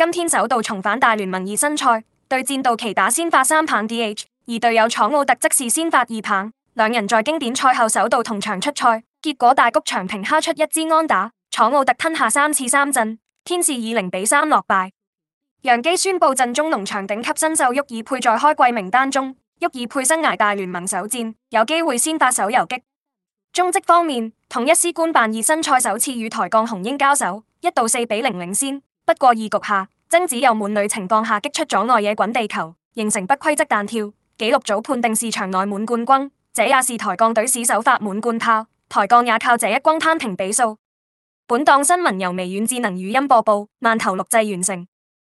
今天首度重返大聯盟熱身賽，對戰道奇，打先發三棒 D.H.，而隊友楚奧特則是先發二棒，兩人在經典賽後首度同場出賽，結果大谷翔平敲出一支安打，楚奧特吞下三次三振，天使以零比三落敗。楊基宣布陣中農場頂級新秀沃爾佩在開季名單中，沃爾佩生涯大聯盟首戰，有機會先發首游擊。中職方面，同一師官辦熱身賽首次與台鋼雄鷹交手，一到四比零領先。不過二局下，曾子祐滿壘情況下擊出左外野滾地球，形成不規則彈跳，紀錄組判定是場內滿貫轟，這也是抬槓隊史首發滿貫炮，抬槓也靠這一轟攤平比數。本檔新聞由微軟智能語音播報，慢頭錄製完成。